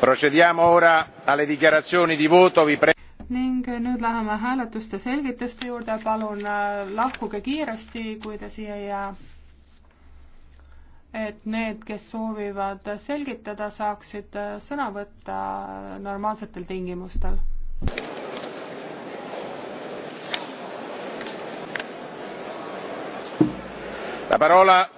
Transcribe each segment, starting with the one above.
procediamo ora alle dichiarazioni di voto vi pre- ning nüüd läheme hääletuste selgituste juurde, palun äh, lahkuge kiiresti, kui te siia ei jää. et need, kes soovivad selgitada, saaksid äh, sõna võtta äh, normaalsetel tingimustel. La parola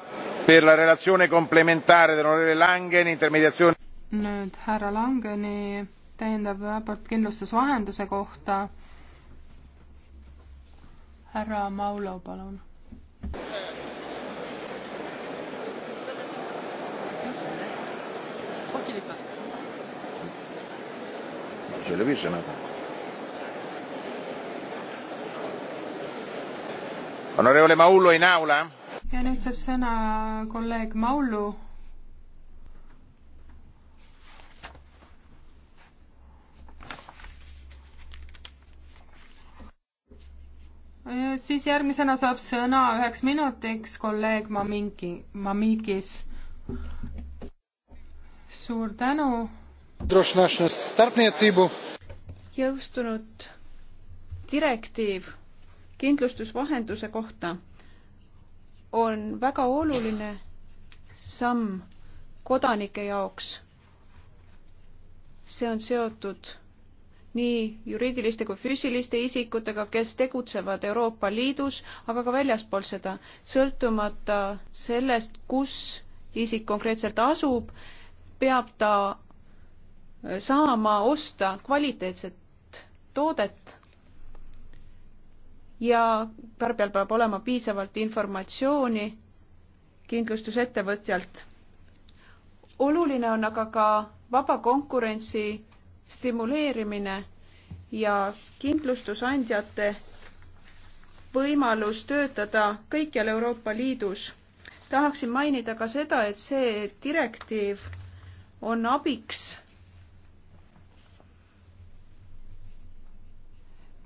per la relazione complementare dell'onorevole Langen, intermediazione nüüd härra Langeni täiendav raport kindlustusvahenduse kohta. härra Maulo, palun. Je l'ai vu ce matin. Onorevole Maullo in aula? ja nüüd saab sõna kolleeg Maullu Äh, siis järgmisena saab sõna üheks minutiks kolleeg Maminki, Mamikis. suur tänu. jõustunud direktiiv kindlustusvahenduse kohta on väga oluline samm kodanike jaoks. see on seotud nii juriidiliste kui füüsiliste isikutega, kes tegutsevad Euroopa Liidus, aga ka väljaspool seda, sõltumata sellest, kus isik konkreetselt asub, peab ta saama osta kvaliteetset toodet ja tarbijal peab olema piisavalt informatsiooni kindlustusettevõtjalt. oluline on aga ka vaba konkurentsi stimuleerimine ja kindlustusandjate võimalus töötada kõikjal Euroopa Liidus. tahaksin mainida ka seda, et see direktiiv on abiks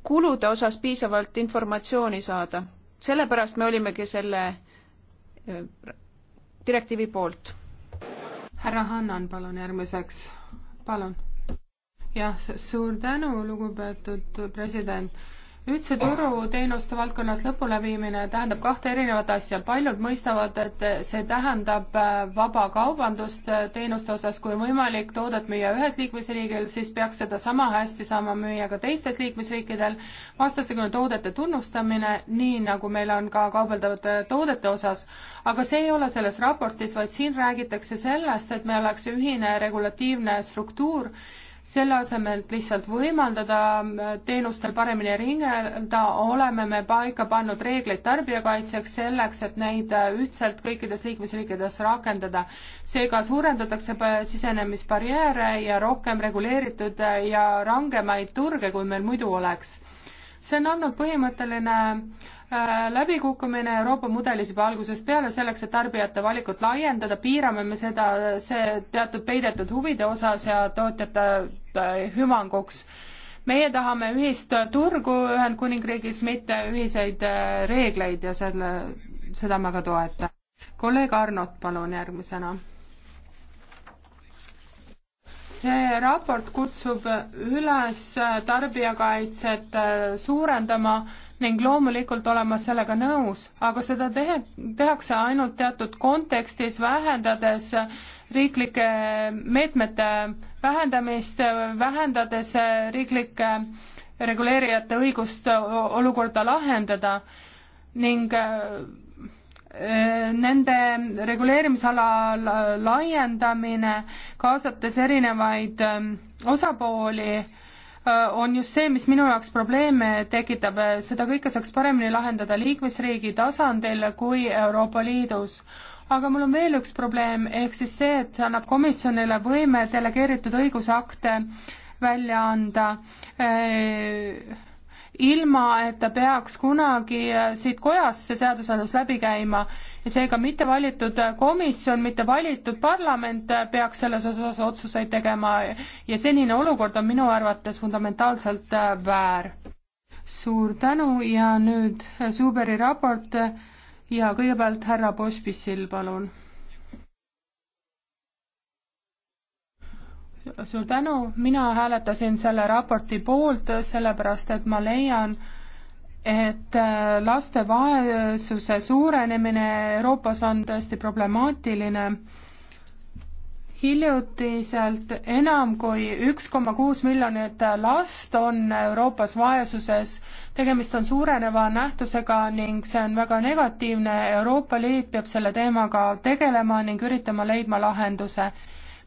kulude osas piisavalt informatsiooni saada. sellepärast me olimegi selle direktiivi poolt. härra Hannan, palun järgmiseks, palun jah, suur tänu, lugupeetud president ühtse turu teenuste valdkonnas lõpuleviimine tähendab kahte erinevat asja. paljud mõistavad, et see tähendab äh, vaba kaubandust äh, teenuste osas, kui võimalik toodet müüa ühes liikmesriigil, siis peaks seda sama hästi saama müüa ka teistes liikmesriikidel. vastastikune toodete tunnustamine, nii nagu meil on ka kaubeldavate toodete osas, aga see ei ole selles raportis, vaid siin räägitakse sellest, et meil oleks ühine regulatiivne struktuur selle asemel, et lihtsalt võimaldada teenustel paremini ringelda, oleme me paika pannud reegleid tarbijakaitseks selleks, et neid ühtselt kõikides liikmesriikides rakendada. seega suurendatakse sisenemisbarjääre ja rohkem reguleeritud ja rangemaid turge, kui meil muidu oleks. see on andnud põhimõtteline äh, Äh, läbikukkumine Euroopa mudelis juba algusest peale, selleks et tarbijate valikut laiendada, piirame me seda, see teatud peidetud huvide osas ja tootjate äh, hüvanguks. meie tahame ühist turgu Ühendkuningriigis, mitte ühiseid äh, reegleid ja selle, seda ma ka toetan. kolleeg Arnot, palun järgmisena see raport kutsub üles tarbijakaitset suurendama ning loomulikult olen ma sellega nõus, aga seda tehe, tehakse ainult teatud kontekstis, vähendades riiklike meetmete vähendamist, vähendades riiklike reguleerijate õigust olukorda lahendada ning äh, nende reguleerimisala laiendamine, kaasates erinevaid äh, osapooli, on just see, mis minu jaoks probleeme tekitab, seda kõike saaks paremini lahendada liikmesriigi tasandil kui Euroopa Liidus. aga mul on veel üks probleem, ehk siis see, et see annab komisjonile võime delegeeritud õigusakte välja anda äh, ilma, et ta peaks kunagi siit kojast see seadusandlus läbi käima seega mitte valitud äh, komisjon, mitte valitud parlament äh, peaks selles osas otsuseid tegema ja senine olukord on minu arvates fundamentaalselt äh, väär. suur tänu ja nüüd Suberi raport ja kõigepealt härra Pospisil, palun. suur tänu, mina hääletasin selle raporti poolt, sellepärast et ma leian, et äh, laste vaesuse suurenemine Euroopas on tõesti problemaatiline. hiljutiselt enam kui üks koma kuus miljonit last on Euroopas vaesuses. tegemist on suureneva nähtusega ning see on väga negatiivne. Euroopa Liit peab selle teemaga tegelema ning üritama leidma lahenduse.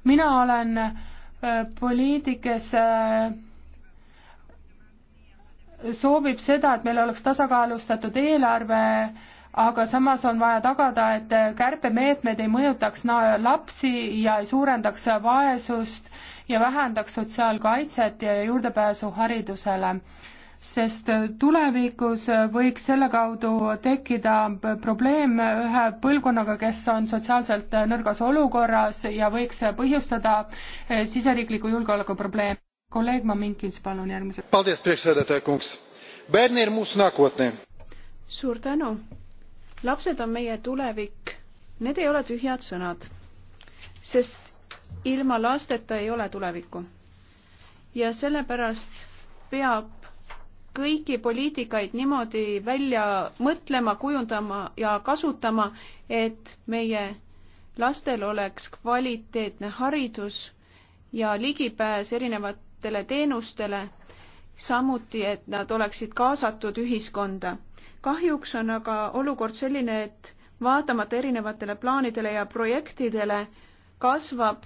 mina olen äh, poliitikas äh, soovib seda, et meil oleks tasakaalustatud eelarve, aga samas on vaja tagada, et kärpemeetmed ei mõjutaks lapsi ja ei suurendaks vaesust ja vähendaks sotsiaalkaitset ja juurdepääsu haridusele. sest tulevikus võiks selle kaudu tekkida probleem ühe põlvkonnaga, kes on sotsiaalselt nõrgas olukorras ja võiks põhjustada siseriikliku julgeoleku probleeme kolleeg Maminkins, palun järgmise. suur tänu. lapsed on meie tulevik. Need ei ole tühjad sõnad, sest ilma lasteta ei ole tulevikku. ja sellepärast peab kõiki poliitikaid niimoodi välja mõtlema, kujundama ja kasutama, et meie lastel oleks kvaliteetne haridus ja ligipääs erinevat avalikele teenustele, samuti, et nad oleksid kaasatud ühiskonda. kahjuks on aga olukord selline, et vaatamata erinevatele plaanidele ja projektidele kasvab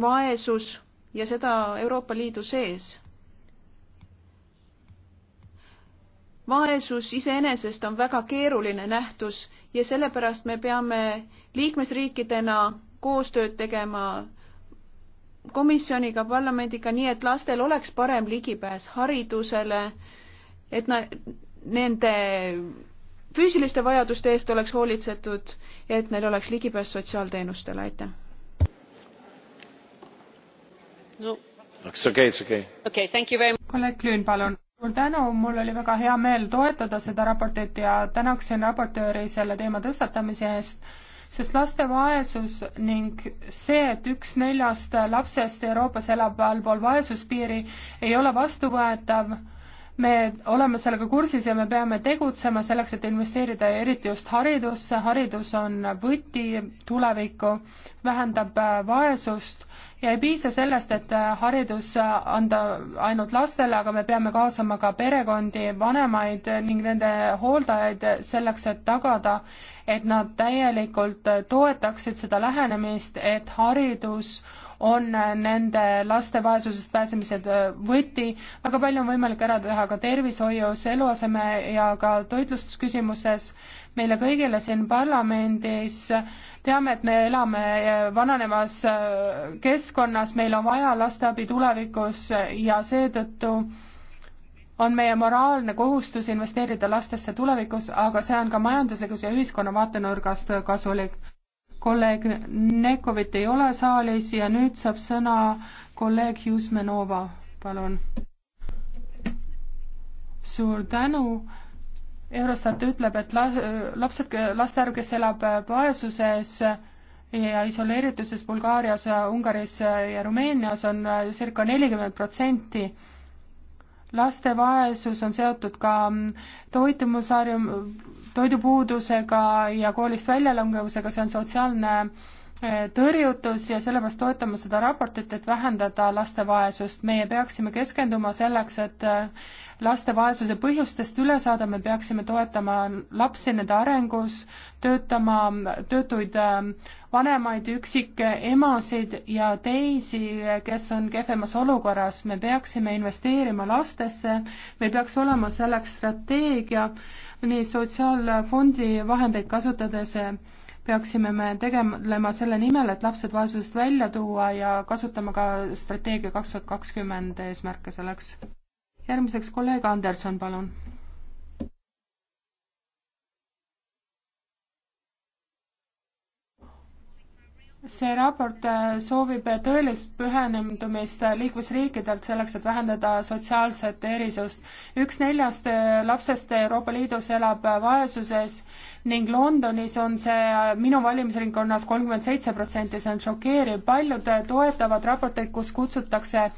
vaesus ja seda Euroopa Liidu sees. vaesus iseenesest on väga keeruline nähtus ja sellepärast me peame liikmesriikidena koostööd tegema komisjoniga, parlamendiga, nii et lastel oleks parem ligipääs haridusele, et na-, nende füüsiliste vajaduste eest oleks hoolitsetud ja et neil oleks ligipääs sotsiaalteenustele, aitäh. no it's okay, it's okay. Okay, thank you very much. kolleeg Lüün, palun. suur tänu, mul oli väga hea meel toetada seda raportit ja tänaksin raportööri selle teema tõstatamise eest sest laste vaesus ning see, et üks neljast lapsest Euroopas elab allpool vaesuspiiri, ei ole vastuvõetav. me oleme sellega kursis ja me peame tegutsema selleks, et investeerida eriti just haridusse, haridus on võti tulevikku, vähendab vaesust ja ei piisa sellest, et haridus anda ainult lastele, aga me peame kaasama ka perekondi, vanemaid ning nende hooldajaid selleks, et tagada, et nad täielikult toetaksid seda lähenemist, et haridus on nende laste vaesusest pääsemise võti, väga palju on võimalik ära teha ka tervishoius, eluaseme ja ka toitlustusküsimuses. meile kõigile siin parlamendis teame, et me elame vananevas keskkonnas, meil on vaja lasteabi tulevikus ja seetõttu on meie moraalne kohustus investeerida lastesse tulevikus, aga see on ka majanduslikus ja ühiskonna vaatenurgast kasulik. kolleeg Nekovit ei ole saalis ja nüüd saab sõna kolleeg Jusmenova, palun. suur tänu. Eurostat ütleb, et la-, lapsed, laste arv, kes elab vaesuses ja isoleerituses Bulgaarias, Ungaris ja Rumeenias on circa nelikümmend protsenti laste vaesus on seotud ka mm, toitumusharjum-, toidupuudusega ja koolist väljalangevusega, see on sotsiaalne eh, tõrjutus ja sellepärast toetame seda raportit, et vähendada laste vaesust. meie peaksime keskenduma selleks, et eh, laste vaesuse põhjustest üle saada, me peaksime toetama lapsi nende arengus, töötama töötuid ähm, vanemaid üksikemasid ja teisi, kes on kehvemas olukorras, me peaksime investeerima lastesse, meil peaks olema selleks strateegia, nii sotsiaalfondi vahendeid kasutades äh, peaksime me tegelema selle nimel, et lapsed vaesusest välja tuua ja kasutama ka strateegia kaks tuhat kakskümmend eesmärke selleks järgmiseks kolleeg Anderson, palun. see raport äh, soovib tõelist pühendumist liikmesriikidelt selleks, et vähendada sotsiaalset erisust. üks neljast äh, lapsest Euroopa Liidus elab äh, vaesuses ning Londonis on see minu valimisringkonnas kolmkümmend seitse protsenti, see on šokeeriv. paljud toetavad raporteid, kus kutsutakse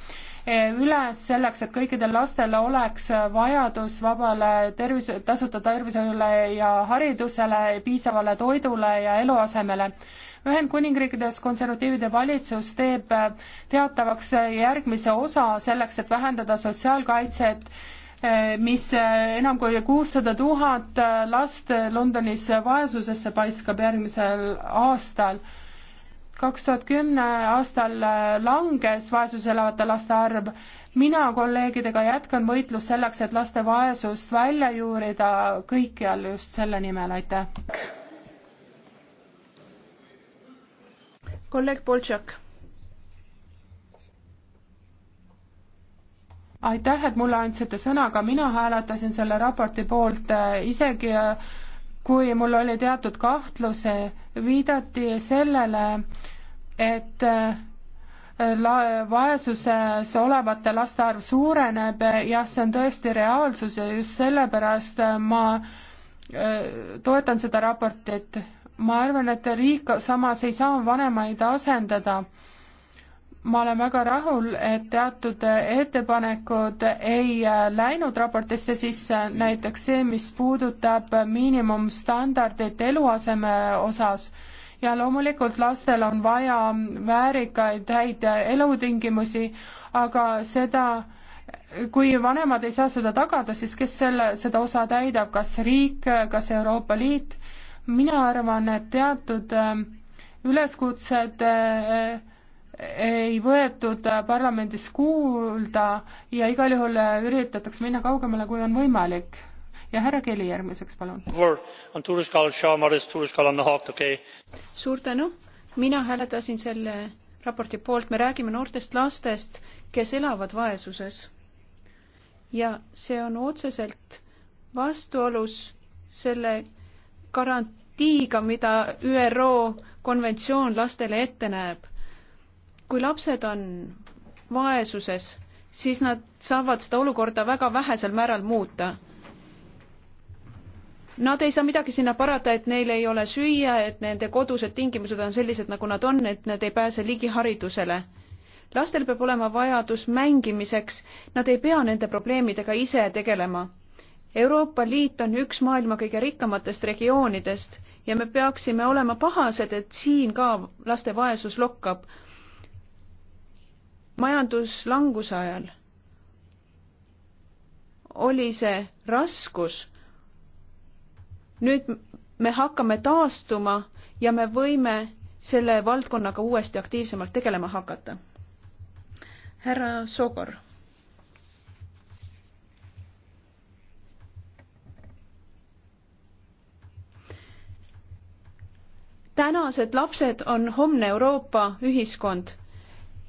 üles selleks, et kõikidel lastel oleks vajadus vabale tervise, tasuta tervishoiule ja haridusele, piisavale toidule ja eluasemele. Ühendkuningriikides konservatiivide valitsus teeb teatavaks järgmise osa selleks, et vähendada sotsiaalkaitset, mis enam kui kuussada tuhat last Londonis vaesusesse paiskab järgmisel aastal kaks tuhat kümne aastal äh, langes vaesuses elavate laste arv. mina kolleegidega jätkan võitlust selleks, et laste vaesust välja juurida kõikjal just selle nimel, aitäh. kolleeg Boltšak. aitäh, et mulle andsite sõna, ka mina hääletasin selle raporti poolt, äh, isegi äh, kui mul oli teatud kahtluse, viidati sellele, et äh, la-, vaesuses olevate laste arv suureneb, jah, see on tõesti reaalsus ja just sellepärast ma äh, toetan seda raportit. ma arvan, et riik samas ei saa vanemaid asendada ma olen väga rahul, et teatud ettepanekud ei läinud raportisse sisse, näiteks see, mis puudutab miinimumstandardit eluaseme osas ja loomulikult lastel on vaja väärikaid häid elutingimusi, aga seda, kui vanemad ei saa seda tagada, siis kes selle, seda osa täidab, kas riik, kas Euroopa Liit, mina arvan, et teatud äh, üleskutsed äh, ei võetud parlamendis kuulda ja igal juhul üritatakse minna kaugemale, kui on võimalik. ja härra Kelly järgmiseks, palun. suur tänu, mina hääletasin selle raporti poolt, me räägime noortest lastest, kes elavad vaesuses. ja see on otseselt vastuolus selle garantiiga, mida ÜRO konventsioon lastele ette näeb kui lapsed on vaesuses, siis nad saavad seda olukorda väga vähesel määral muuta. Nad ei saa midagi sinna parata, et neil ei ole süüa, et nende kodused tingimused on sellised, nagu nad on, et nad ei pääse ligi haridusele. lastel peab olema vajadus mängimiseks, nad ei pea nende probleemidega ise tegelema. Euroopa Liit on üks maailma kõige rikkamatest regioonidest ja me peaksime olema pahased, et siin ka laste vaesus lokkab majanduslanguse ajal oli see raskus. nüüd me hakkame taastuma ja me võime selle valdkonnaga uuesti aktiivsemalt tegelema hakata. härra Sogor. tänased lapsed on homne Euroopa ühiskond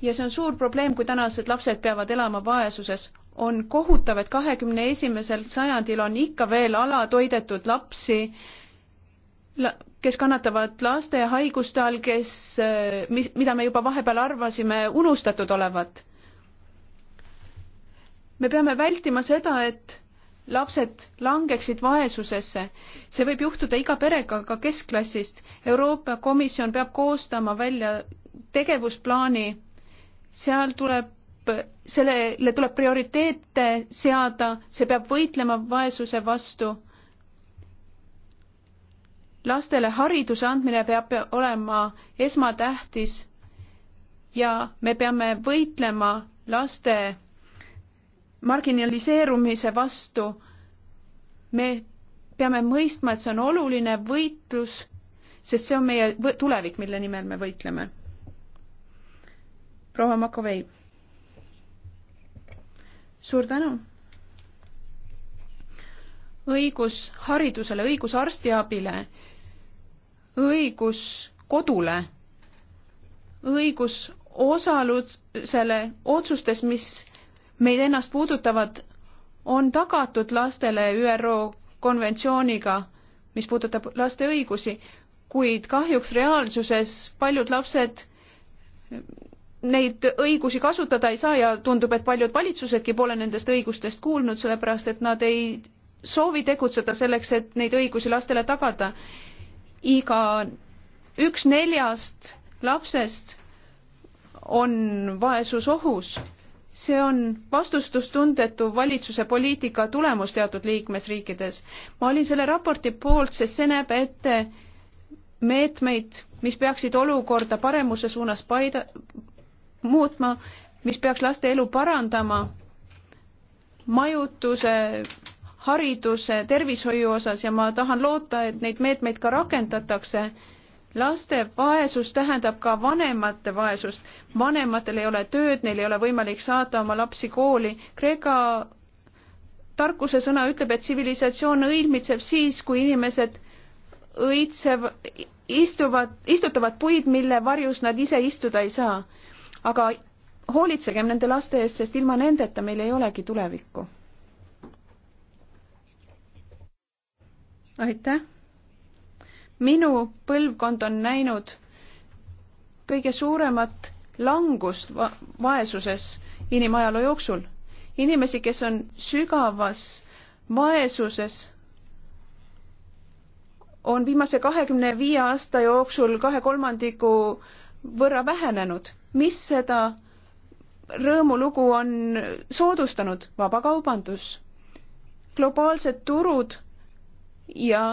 ja see on suur probleem, kui tänased lapsed peavad elama vaesuses. on kohutav, et kahekümne esimesel sajandil on ikka veel alatoidetud lapsi, kes kannatavad laste haiguste all, kes, eh, mis, mida me juba vahepeal arvasime unustatud olevat. me peame vältima seda, et lapsed langeksid vaesusesse. see võib juhtuda iga perega, ka keskklassist. Euroopa Komisjon peab koostama välja tegevusplaani seal tuleb, sellele tuleb prioriteete seada, see peab võitlema vaesuse vastu. lastele hariduse andmine peab olema esmatähtis ja me peame võitlema laste marginaliseerumise vastu. me peame mõistma, et see on oluline võitlus, sest see on meie tulevik, mille nimel me võitleme proua Makovei. suur tänu. õigus haridusele, õigus arstiabile, õigus kodule, õigus osalusele otsustes, mis meid ennast puudutavad, on tagatud lastele ÜRO konventsiooniga, mis puudutab laste õigusi, kuid kahjuks reaalsuses paljud lapsed neid õigusi kasutada ei saa ja tundub, et paljud valitsusedki pole nendest õigustest kuulnud, sellepärast et nad ei soovi tegutseda selleks, et neid õigusi lastele tagada. iga üks neljast lapsest on vaesusohus. see on vastustustundetu valitsuse poliitika tulemus teatud liikmesriikides. ma olin selle raporti poolt, sest see näeb ette meetmeid, mis peaksid olukorda paremuse suunas paida, muutma, mis peaks laste elu parandama majutuse, hariduse, tervishoiu osas ja ma tahan loota, et neid meetmeid ka rakendatakse. laste vaesus tähendab ka vanemate vaesust. vanematel ei ole tööd, neil ei ole võimalik saada oma lapsi kooli. Kreeka tarkuse sõna ütleb, et tsivilisatsioon õilmitseb siis, kui inimesed õitsev, istuvad, istutavad puid, mille varjus nad ise istuda ei saa aga hoolitsegem nende laste eest, sest ilma nendeta meil ei olegi tulevikku. aitäh! minu põlvkond on näinud kõige suuremat langust va vaesuses inimajaloo jooksul. inimesi, kes on sügavas vaesuses, on viimase kahekümne viie aasta jooksul kahe kolmandiku võrra vähenenud mis seda rõõmulugu on soodustanud vabakaubandus, globaalsed turud ja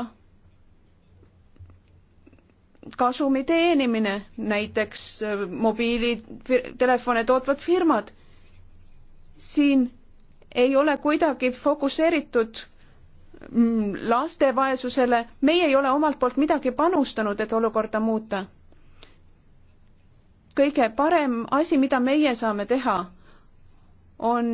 kasumi teenimine, näiteks äh, mobiilitelefone tootvad firmad. siin ei ole kuidagi fokusseeritud mm, laste vaesusele, meie ei ole omalt poolt midagi panustanud, et olukorda muuta kõige parem asi, mida meie saame teha, on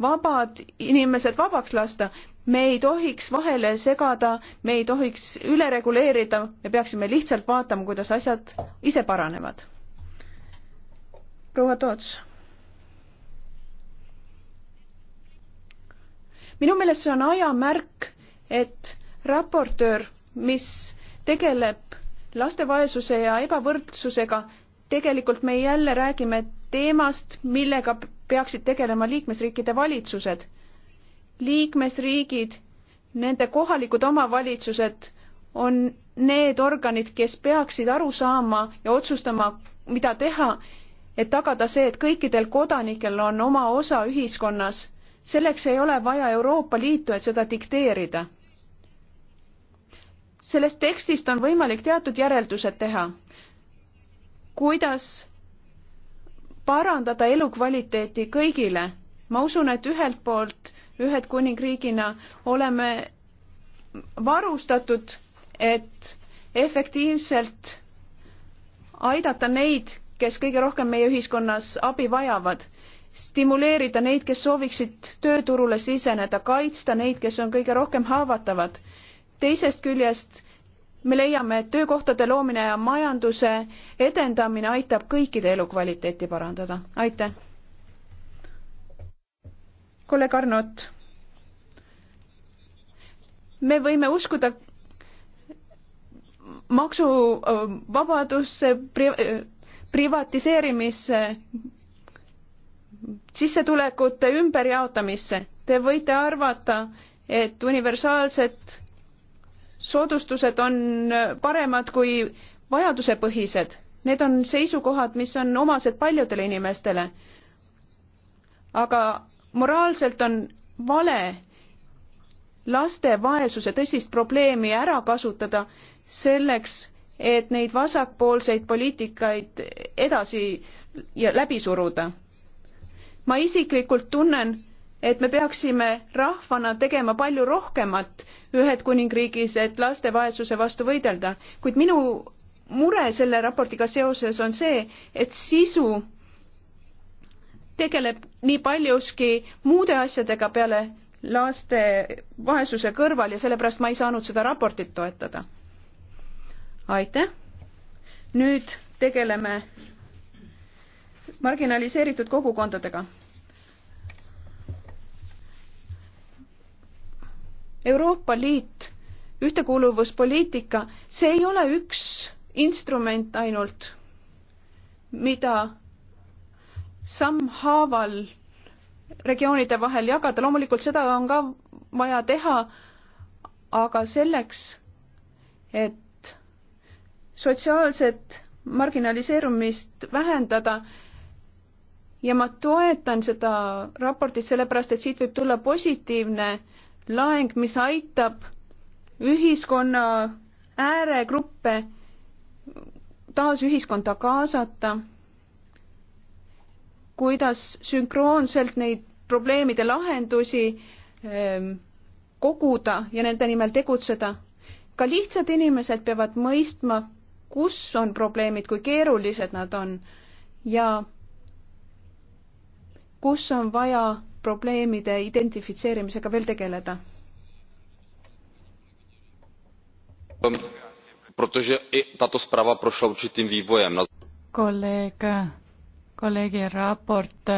vabad inimesed vabaks lasta. me ei tohiks vahele segada, me ei tohiks üle reguleerida, me peaksime lihtsalt vaatama, kuidas asjad ise paranevad. proua Toots. minu meelest see on aja märk, et raportöör, mis tegeleb laste vaesuse ja ebavõrdsusega, tegelikult me jälle räägime teemast, millega peaksid tegelema liikmesriikide valitsused. liikmesriigid, nende kohalikud omavalitsused on need organid, kes peaksid aru saama ja otsustama, mida teha, et tagada see, et kõikidel kodanikel on oma osa ühiskonnas. selleks ei ole vaja Euroopa Liitu, et seda dikteerida. sellest tekstist on võimalik teatud järeldused teha kuidas parandada elukvaliteeti kõigile. ma usun, et ühelt poolt Ühendkuningriigina oleme varustatud, et efektiivselt aidata neid, kes kõige rohkem meie ühiskonnas abi vajavad, stimuleerida neid, kes sooviksid tööturule siseneda, kaitsta neid, kes on kõige rohkem haavatavad. teisest küljest me leiame, et töökohtade loomine ja majanduse edendamine aitab kõikide elukvaliteeti parandada. aitäh! kolleeg Arnot. me võime uskuda maksuvabadusse pri, privatiseerimisse, sissetulekute ümberjaotamisse. Te võite arvata, et universaalset soodustused on paremad kui vajadusepõhised. Need on seisukohad, mis on omased paljudele inimestele. aga moraalselt on vale laste vaesuse tõsist probleemi ära kasutada selleks, et neid vasakpoolseid poliitikaid edasi ja läbi suruda. ma isiklikult tunnen et me peaksime rahvana tegema palju rohkemat Ühendkuningriigis, et laste vaesuse vastu võidelda, kuid minu mure selle raportiga seoses on see, et sisu tegeleb nii paljuski muude asjadega peale laste vaesuse kõrval ja sellepärast ma ei saanud seda raportit toetada. aitäh. nüüd tegeleme marginaliseeritud kogukondadega Euroopa Liit, ühtekuuluvuspoliitika, see ei ole üks instrument ainult, mida sammhaaval regioonide vahel jagada, loomulikult seda on ka vaja teha, aga selleks, et sotsiaalset marginaliseerumist vähendada, ja ma toetan seda raportit sellepärast, et siit võib tulla positiivne äh, laeng, mis aitab ühiskonna ääregruppe taas ühiskonda kaasata, kuidas sünkroonselt neid probleemide lahendusi ehm, koguda ja nende nimel tegutseda. ka lihtsad inimesed peavad mõistma, kus on probleemid, kui keerulised nad on ja kus on vaja probleemide identifitseerimisega veel tegeleda? Um, protože i tato zpráva prošla určitým vývojem. kolleeg, kolleegi raport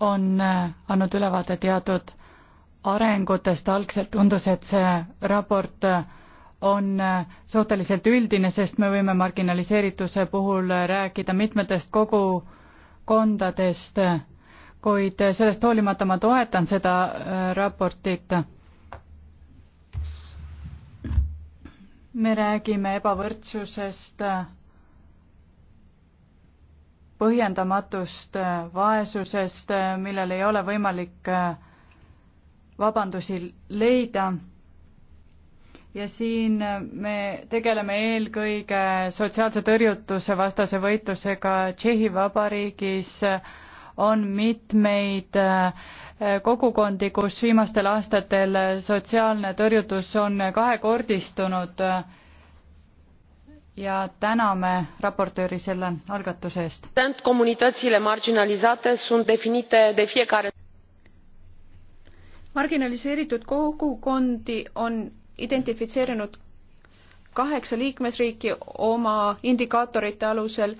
on andnud ülevaate teatud arengutest, algselt tundus, et see raport on suhteliselt üldine, sest me võime marginaliseerituse puhul rääkida mitmetest kogukondadest, kuid sellest hoolimata ma toetan seda äh, raportit. me räägime ebavõrdsusest, põhjendamatust vaesusest, millel ei ole võimalik äh, vabandusi leida ja siin äh, me tegeleme eelkõige sotsiaalse tõrjutuse vastase võitlusega Tšehhi Vabariigis äh, on mitmeid äh, kogukondi, kus viimastel aastatel sotsiaalne tõrjutus on kahekordistunud ja täname raportööri selle algatuse eest. marginaliseeritud kogukondi on identifitseerinud kaheksa liikmesriiki oma indikaatorite alusel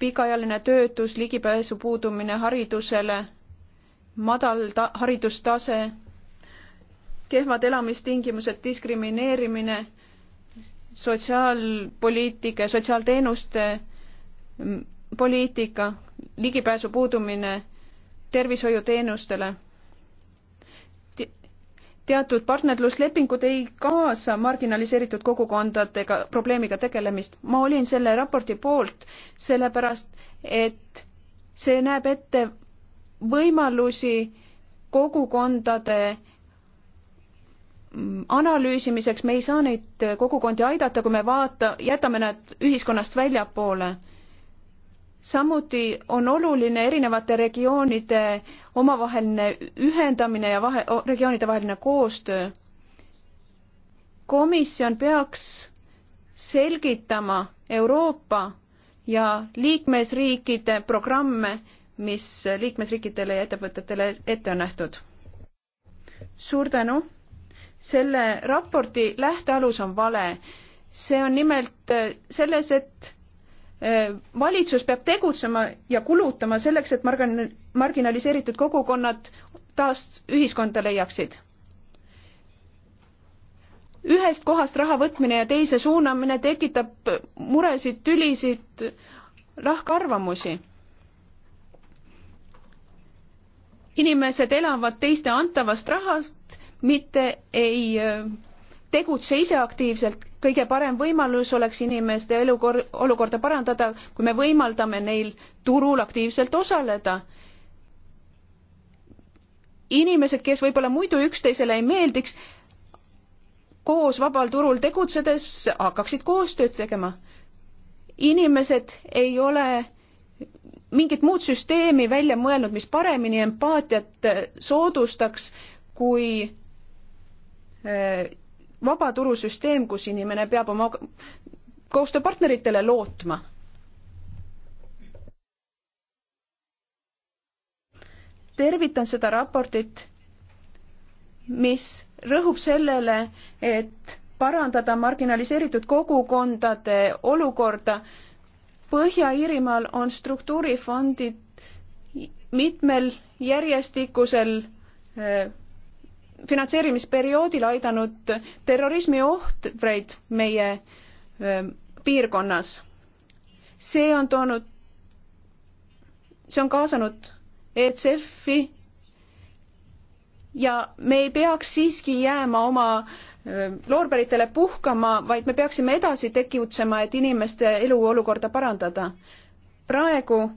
pikaajaline töötus, ligipääsu puudumine haridusele, madal ta-, haridustase, kehvad elamistingimused, diskrimineerimine, sotsiaalpoliitika ja sotsiaalteenuste mm, poliitika, ligipääsu puudumine tervishoiuteenustele teatud partnerluslepingud ei kaasa marginaliseeritud kogukondadega probleemiga tegelemist. ma olin selle raporti poolt, sellepärast et see näeb ette võimalusi kogukondade mm, analüüsimiseks, me ei saa neid kogukondi aidata, kui me vaata, jätame nad ühiskonnast väljapoole samuti on oluline erinevate regioonide omavaheline ühendamine ja vahe, regioonide vaheline koostöö. komisjon peaks selgitama Euroopa ja liikmesriikide programme, mis liikmesriikidele ja ettevõtetele ette on nähtud. suur tänu. selle raporti lähtealus on vale. see on nimelt selles, et valitsus peab tegutsema ja kulutama selleks, et margin-, marginaliseeritud kogukonnad taas ühiskonda leiaksid. ühest kohast raha võtmine ja teise suunamine tekitab muresid, tülisid, lahkarvamusi inimesed elavad teiste antavast rahast, mitte ei tegutse ise aktiivselt, kõige parem võimalus oleks inimeste elukor-, olukorda parandada, kui me võimaldame neil turul aktiivselt osaleda. inimesed, kes võib-olla muidu üksteisele ei meeldiks, koos vabal turul tegutsedes hakkaksid koostööd tegema. inimesed ei ole mingit muud süsteemi välja mõelnud, mis paremini empaatiat soodustaks kui vabaturusüsteem, kus inimene peab oma koostööpartneritele lootma. tervitan seda raportit, mis rõhub sellele, et parandada marginaliseeritud kogukondade olukorda. Põhja-Iirimaal on struktuurifondid mitmel järjestikusel eh, finantseerimisperioodil aidanud terrorismi ohvreid meie ähm, piirkonnas. see on toonud, see on kaasanud ECF-i ja me ei peaks siiski jääma oma ähm, loorberitele puhkama, vaid me peaksime edasi tegutsema, et inimeste eluolukorda parandada. praegu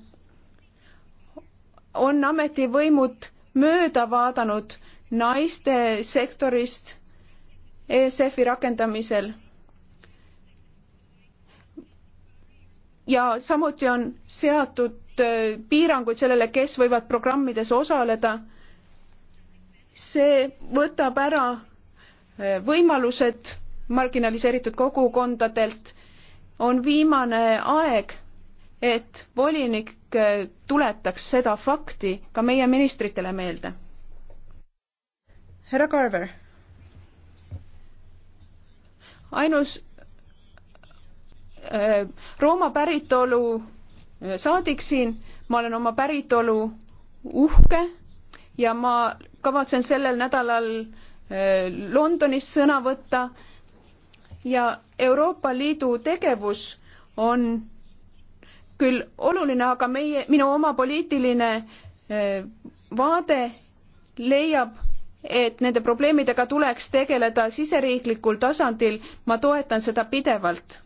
on ametivõimud mööda vaadanud naiste sektorist ESF-i rakendamisel. ja samuti on seatud äh, piiranguid sellele, kes võivad programmides osaleda. see võtab ära äh, võimalused marginaliseeritud kogukondadelt. on viimane aeg, et volinik äh, tuletaks seda fakti ka meie ministritele meelde härra Carver. ainus äh, Rooma päritolu äh, saadik siin, ma olen oma päritolu uhke ja ma kavatsen sellel nädalal äh, Londonis sõna võtta ja Euroopa Liidu tegevus on küll oluline, aga meie, minu oma poliitiline äh, vaade leiab et nende probleemidega tuleks tegeleda siseriiklikul tasandil, ma toetan seda pidevalt.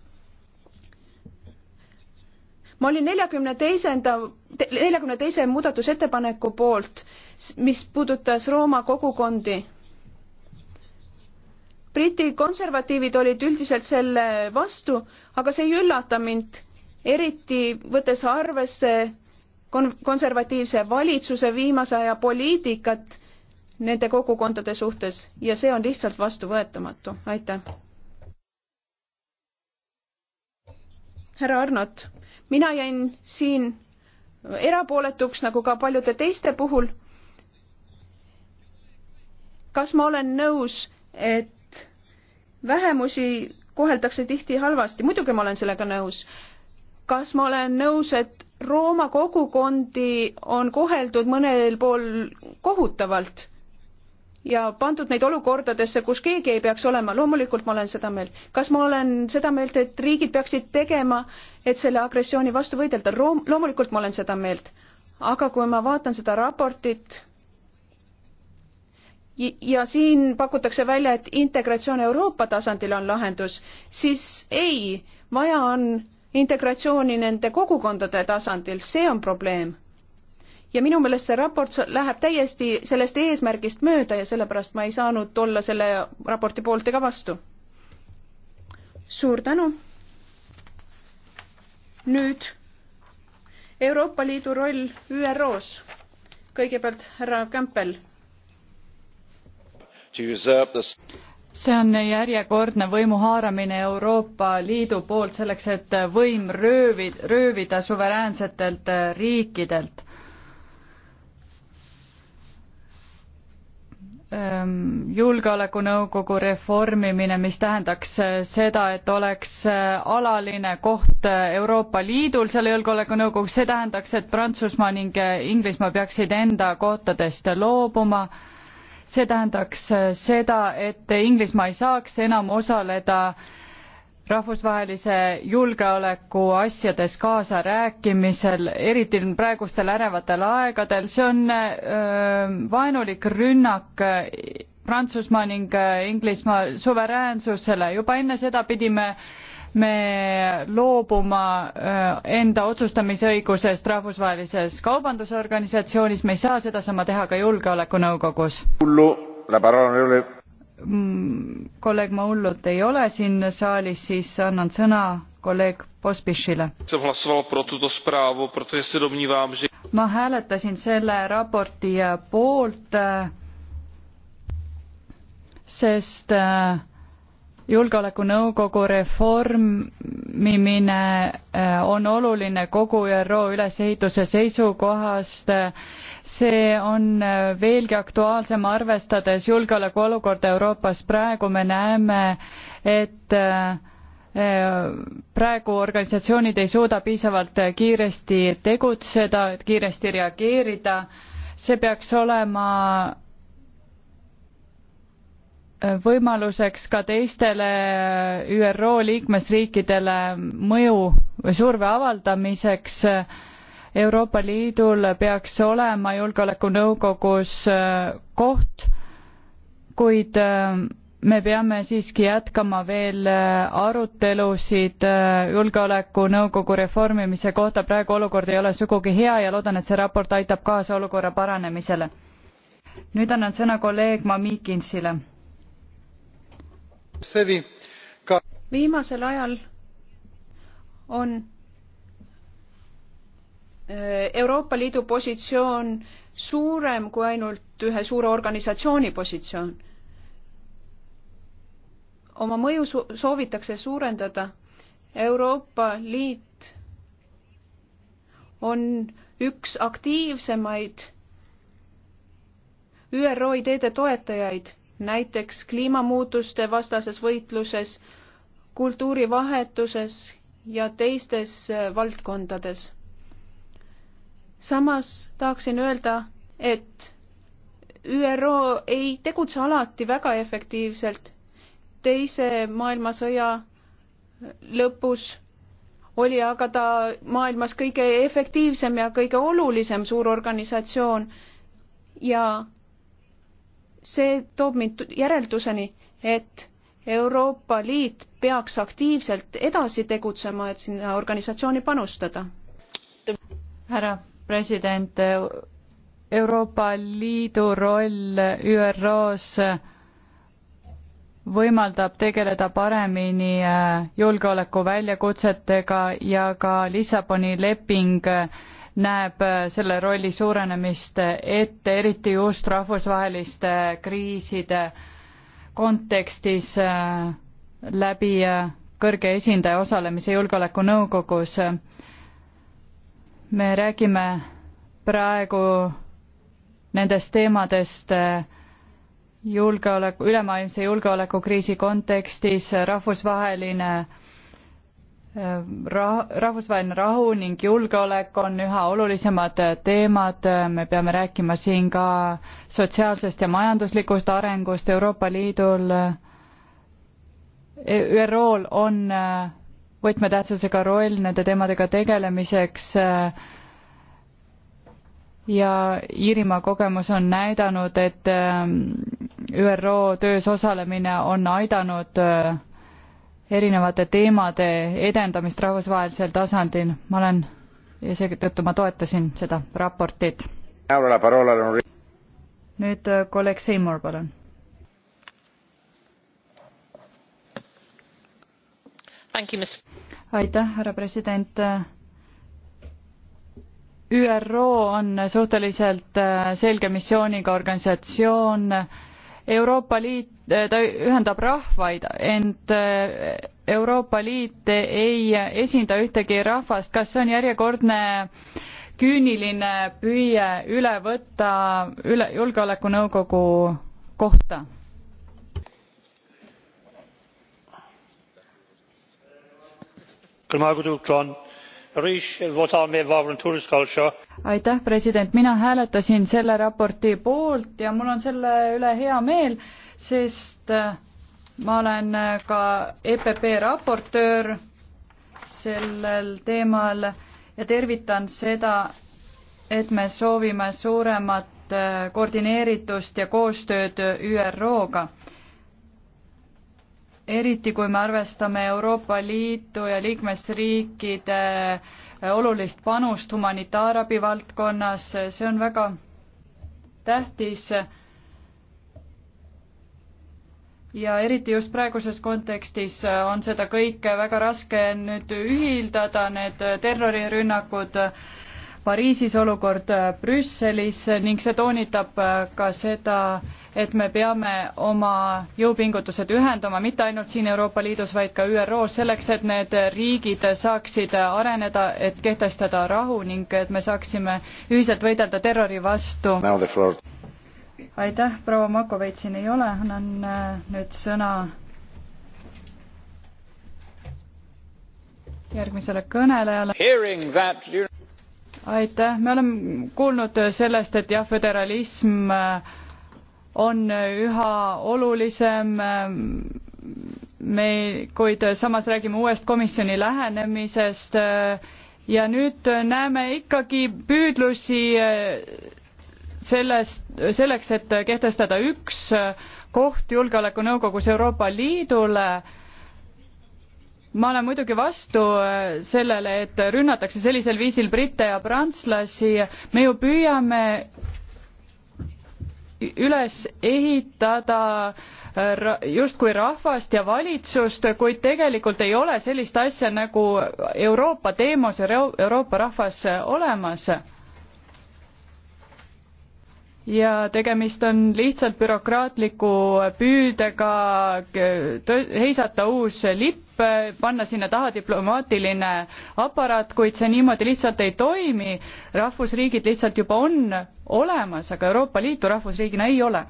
ma olin neljakümne teisenda, neljakümne teise muudatusettepaneku poolt, mis puudutas Rooma kogukondi. Briti konservatiivid olid üldiselt selle vastu, aga see ei üllata mind, eriti võttes arvesse kon-, konservatiivse valitsuse viimase aja poliitikat nende kogukondade suhtes ja see on lihtsalt vastuvõetamatu. aitäh. härra Arnot, mina jäin siin erapooletuks, nagu ka paljude teiste puhul. kas ma olen nõus, et vähemusi koheldakse tihti halvasti? muidugi ma olen sellega nõus. kas ma olen nõus, et Rooma kogukondi on koheldud mõnel pool kohutavalt? ja pandud neid olukordadesse, kus keegi ei peaks olema, loomulikult ma olen seda meelt. kas ma olen seda meelt, et riigid peaksid tegema, et selle agressiooni vastu võidelda, loomulikult ma olen seda meelt. aga kui ma vaatan seda raportit ja siin pakutakse välja, et integratsioon Euroopa tasandil on lahendus, siis ei, vaja on integratsiooni nende kogukondade tasandil, see on probleem ja minu meelest see raport läheb täiesti sellest eesmärgist mööda ja sellepärast ma ei saanud olla selle raporti poolt ega vastu. suur tänu. nüüd Euroopa Liidu roll ÜRO-s. kõigepealt härra Kämpel. see on järjekordne võimu haaramine Euroopa Liidu poolt selleks, et võim röövi, röövida suveräänsetelt riikidelt Ähm, julgeolekunõukogu reformimine, mis tähendaks äh, seda, et oleks äh, alaline koht äh, Euroopa Liidul seal julgeolekunõukogus, see tähendaks, et Prantsusmaa ning Inglismaa peaksid enda kohtadest loobuma. see tähendaks seda, et Inglismaa ei saaks enam osaleda rahvusvahelise julgeoleku asjades kaasa rääkimisel, eriti praegustel ärevatel aegadel, see on öö, vaenulik rünnak äh, Prantsusmaa ning äh, Inglismaa suveräänsusele, juba enne seda pidime me loobuma äh, enda otsustamisõigusest rahvusvahelises kaubandusorganisatsioonis, me ei saa sedasama teha ka julgeolekunõukogus. Mm, kolleeg Maullut ei ole siin saalis, siis annan sõna kolleeg Pospišile. ma hääletasin selle raporti poolt, sest äh, julgeolekunõukogu reformimine äh, on oluline kogu ÜRO ülesehituse seisukohast äh, see on äh, veelgi aktuaalsem, arvestades julgeolekuolukorda Euroopas, praegu me näeme, et äh, äh, praegu organisatsioonid ei suuda piisavalt kiiresti tegutseda, et kiiresti reageerida, see peaks olema võimaluseks ka teistele ÜRO liikmesriikidele mõju või surve avaldamiseks äh, Euroopa Liidul peaks olema Julgeolekunõukogus äh, koht, kuid äh, me peame siiski jätkama veel äh, arutelusid julgeolekunõukogu reformimise kohta, praegu olukord ei ole sugugi hea ja loodan, et see raport aitab kaasa olukorra paranemisele. nüüd annan sõna kolleeg Mamikinsile. viimasel ajal on Äh, Euroopa Liidu positsioon suurem kui ainult ühe suure organisatsiooni positsioon. oma mõju soovitakse suurendada. Euroopa Liit on üks aktiivsemaid ÜRO ideede toetajaid, näiteks kliimamuutuste vastases võitluses, kultuurivahetuses ja teistes äh, valdkondades samas tahaksin öelda, et ÜRO ei tegutse alati väga efektiivselt. teise maailmasõja lõpus oli aga ta maailmas kõige efektiivsem ja kõige olulisem suurorganisatsioon ja see toob mind järelduseni, et Euroopa Liit peaks aktiivselt edasi tegutsema, et sinna organisatsiooni panustada. härra president, Euroopa Liidu roll ÜRO-s võimaldab tegeleda paremini äh, julgeoleku väljakutsetega ja ka Lissaboni leping äh, näeb äh, selle rolli suurenemist ette, eriti just rahvusvaheliste kriiside kontekstis läbi kõrge esindaja osalemise Julgeolekunõukogus me räägime praegu nendest teemadest eh, julgeoleku, ülemaailmse julgeolekukriisi kontekstis rahvusvaheline eh, ra-, rahvusvaheline rahu ning julgeolek on üha olulisemad eh, teemad, me peame rääkima siin ka sotsiaalsest ja majanduslikust arengust Euroopa Liidul, e-, ÜRO-l on võtmetähtsusega roll nende teemadega tegelemiseks äh, ja Iirimaa kogemus on näidanud, et äh, ÜRO töös osalemine on aidanud äh, erinevate teemade edendamist rahvusvahelisel tasandil. ma olen ja seetõttu ma toetasin seda raportit. nüüd kolleeg Seymour, palun. Thank you, Mr aitäh, härra president. ÜRO on suhteliselt äh, selge missiooniga organisatsioon. Euroopa Liit, äh, ta ühendab rahvaid, ent äh, Euroopa Liit ei esinda ühtegi rahvast, kas see on järjekordne küüniline püüe üle võtta üle Julgeolekunõukogu kohta? aitäh president mina hääletasin selle raporti poolt ja mul on selle üle hea meel sest äh, ma olen äh, ka epp raportöör sellel teemal ja tervitan seda et me soovime suuremat äh, koordineeritust ja koostööd üroga eriti kui me arvestame Euroopa Liitu ja liikmesriikide äh, olulist panust humanitaarabi valdkonnas, see on väga tähtis. ja eriti just praeguses kontekstis äh, on seda kõike väga raske nüüd ühildada, need äh, terrorirünnakud Pariisis, olukord Brüsselis ning see toonitab ka seda, et me peame oma jõupingutused ühendama mitte ainult siin Euroopa Liidus, vaid ka ÜRO-s selleks, et need riigid saaksid areneda, et kehtestada rahu ning et me saaksime ühiselt võidelda terrori vastu. aitäh, proua Makoveit siin ei ole, annan äh, nüüd sõna järgmisele kõnelejale. aitäh, me oleme kuulnud sellest, et jah, föderalism äh, on üha olulisem me, kuid samas räägime uuest komisjoni lähenemisest ja nüüd näeme ikkagi püüdlusi selles, selleks, et kehtestada üks koht Julgeolekunõukogus Euroopa Liidule. ma olen muidugi vastu sellele, et rünnatakse sellisel viisil britte ja prantslasi, me ju püüame üles ehitada äh, justkui rahvast ja valitsust, kuid tegelikult ei ole sellist asja nagu Euroopa teemos ja Euroopa rahvas äh, olemas ja tegemist on lihtsalt bürokraatliku püüdega heisata uus lipp, panna sinna taha diplomaatiline aparaat, kuid see niimoodi lihtsalt ei toimi. rahvusriigid lihtsalt juba on olemas, aga Euroopa Liitu rahvusriigina ei ole.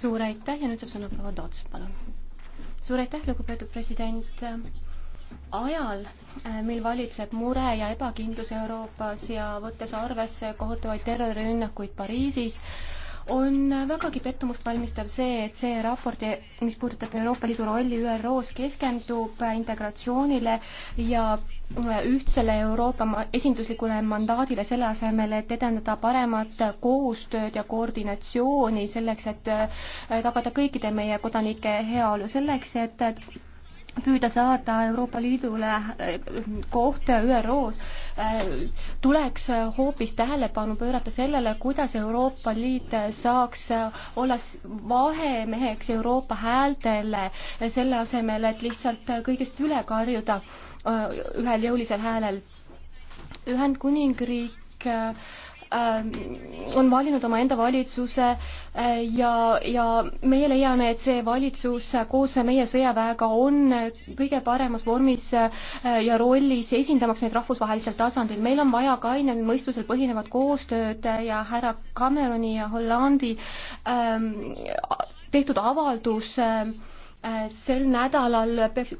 suur aitäh ja nüüd saab sõna proua Toots, palun. suur aitäh, lugupeetud president ajal, äh, mil valitseb mure ja ebakindlus Euroopas ja võttes arvesse kohutavaid terrorirünnakuid Pariisis, on vägagi pettumust valmistav see, et see raport, mis puudutab Euroopa Liidu rolli ÜRO-s, keskendub integratsioonile ja äh, ühtsele Euroopa esinduslikule mandaadile selle asemel, et edendada paremat koostööd ja koordinatsiooni selleks, et äh, tagada kõikide meie kodanike heaolu, selleks, et püüda saada Euroopa Liidule eh, koht ÜRO-s, eh, tuleks hoopis tähelepanu pöörata sellele, kuidas Euroopa Liit saaks olla vahemeheks Euroopa häältele, selle asemel, et lihtsalt kõigest üle karjuda eh, ühel jõulisel häälel. Ühendkuningriik riik Ähm, on valinud omaenda valitsuse äh, ja, ja meie leiame, et see valitsus koos meie sõjaväega on kõige paremas vormis äh, ja rollis esindamaks meid rahvusvahelisel tasandil. meil on vaja kainel mõistusel põhinevat koostööd äh, ja härra Cameroni ja Hollandi ähm, tehtud avaldus sel nädalal peaks,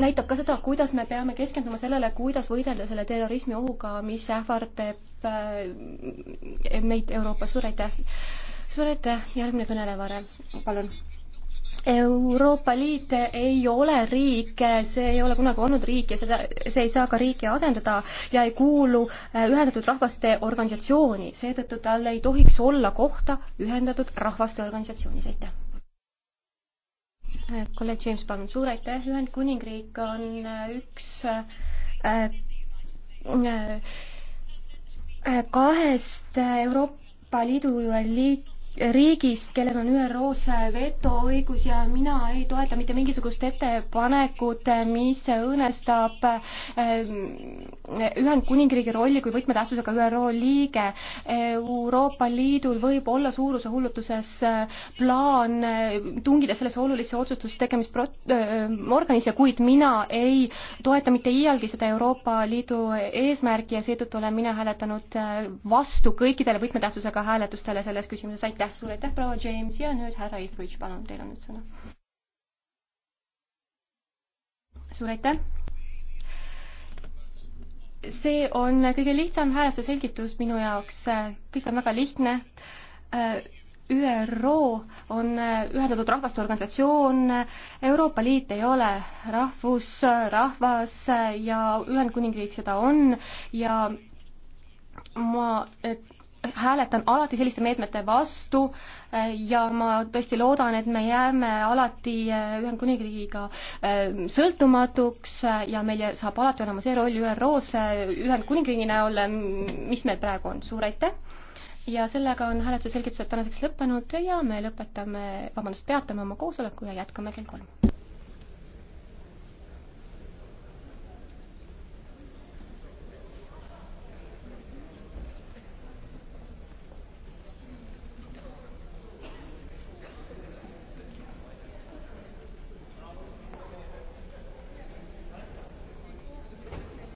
näitab ka seda, kuidas me peame keskenduma sellele, kuidas võidelda selle terrorismiohuga, mis ähvardab Äh, meid Euroopas, suur aitäh! suur aitäh, järgmine kõneleja, Varel, palun! Euroopa Liit ei ole riik, see ei ole kunagi olnud riik ja seda, see ei saa ka riiki asendada ja ei kuulu äh, Ühendatud Rahvaste Organisatsiooni, seetõttu tal ei tohiks olla kohta Ühendatud Rahvaste Organisatsioonis, aitäh. Äh, kolleeg James, palun, suur aitäh, Ühendkuningriik on üks äh, äh, kahest Euroopa Liidu liit riigist, kellel on ÜRO-s vetoõigus ja mina ei toeta mitte mingisugust ettepanekut, mis õõnestab eh, Ühendkuningriigi rolli kui võtmetähtsusega ÜRO liige. Euroopa Liidul võib olla suurusehullutuses plaan eh, tungida sellesse olulisse otsustuste tegemisorganisse, eh, kuid mina ei toeta mitte iialgi seda Euroopa Liidu eesmärki ja seetõttu olen mina hääletanud vastu kõikidele võtmetähtsusega hääletustele selles küsimuses, aitäh! aitäh, suur aitäh, proua James ja nüüd härra Etheridge, palun, teil on nüüd sõna. suur aitäh. see on kõige lihtsam hääletuse selgitus minu jaoks, kõik on väga lihtne. ÜRO on Ühendatud Rahvaste Organisatsioon, Euroopa Liit ei ole rahvus, rahvas ja Ühendkuningriik seda on ja ma et, hääletan alati selliste meetmete vastu eh, ja ma tõesti loodan, et me jääme alati eh, Ühendkuningriigiga eh, sõltumatuks ja meil saab alati olema see roll ÜRO-s Ühendkuningriigi näol, mis meil praegu on. suur aitäh! ja sellega on hääletuse selgitused tänaseks lõppenud ja me lõpetame, vabandust, peatame oma koosoleku ja jätkame kell kolm.